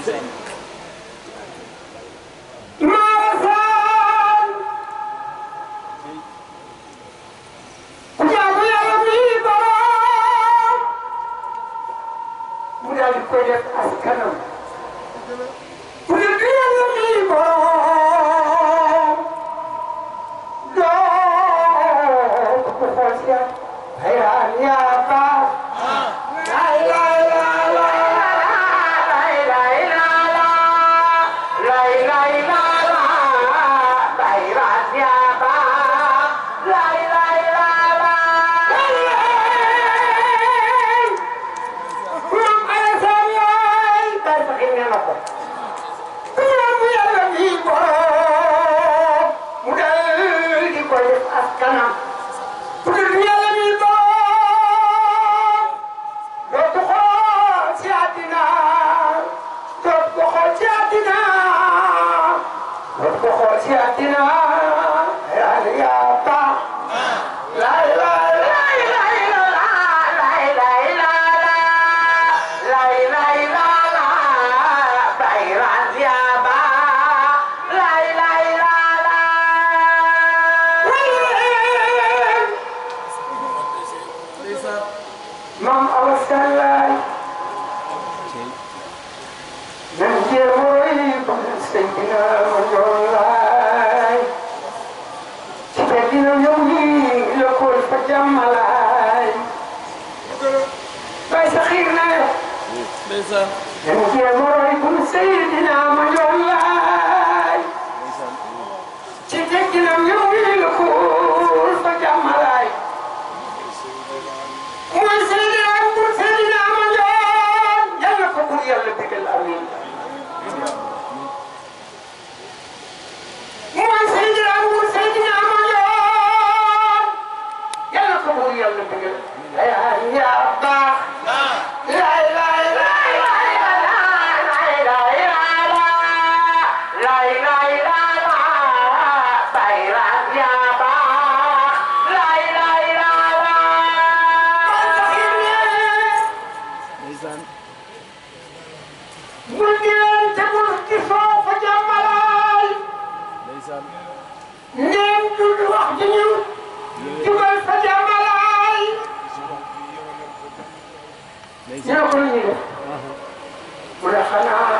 mu daal di koy def askanam. bu dee dina la muy borom. koy def ak kanam bu dul yàlla mi boom doo ko xool ci àddina doo ko xool ci àddina doo ko xool ci àddina Beleza. Eu quero morar com você, dinamo, eu lá. ñoo ko ñu mu ne xanaa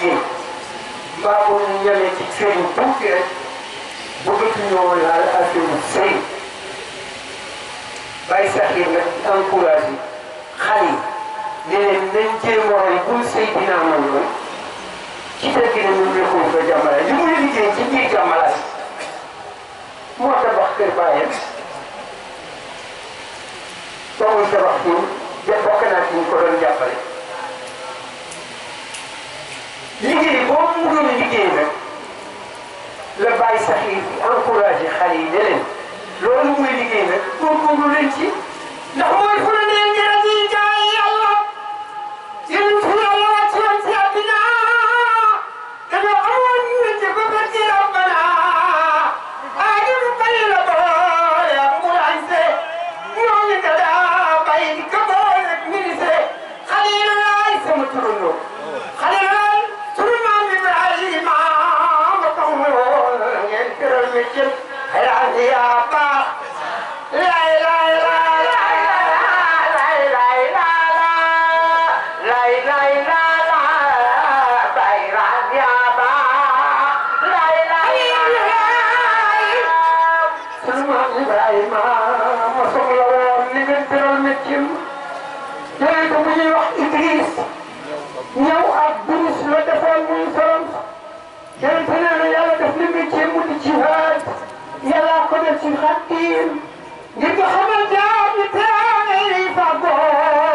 jigéen mbaa ko ñu ñeme ci seenu tuuti rek laal affaire sëy bàyyi sax yi nag encouragé xale yi ne leen nañ jéem a roy bul sëy dinaa mën lool ci dëkk ne ñu nekkoon fa jàmbale li muy liggéey ci biir jàmbalaay moo tabax kër bàyyam ba muy tabax fii bokk لكي يقوم يقول يكينا لبعي سحيدي أنكوراجي خليلين لو نمو يكينا الجن العز يا الله لا اله الا ñëw ak buris la defoon muy sorom jël feneen yàlla def li muy jéem mu di jihaad yàlla ko def ci xattiim ñi ko xamal jaam yi teraanga yi fagoo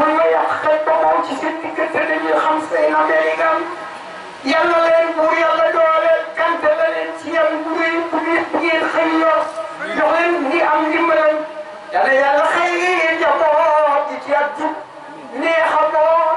mun nga yàq xel ba moom ci seen diggante dañuy xam seen Amerikaan yàlla leen buur yàlla dooleel kante la leen ci yàlla bu rëy bu ngeen bu ngeen xëy yor jox leen ngi am ndimbalam yàlla yàlla xëy ngeen njaboot di ci at jub neexa boot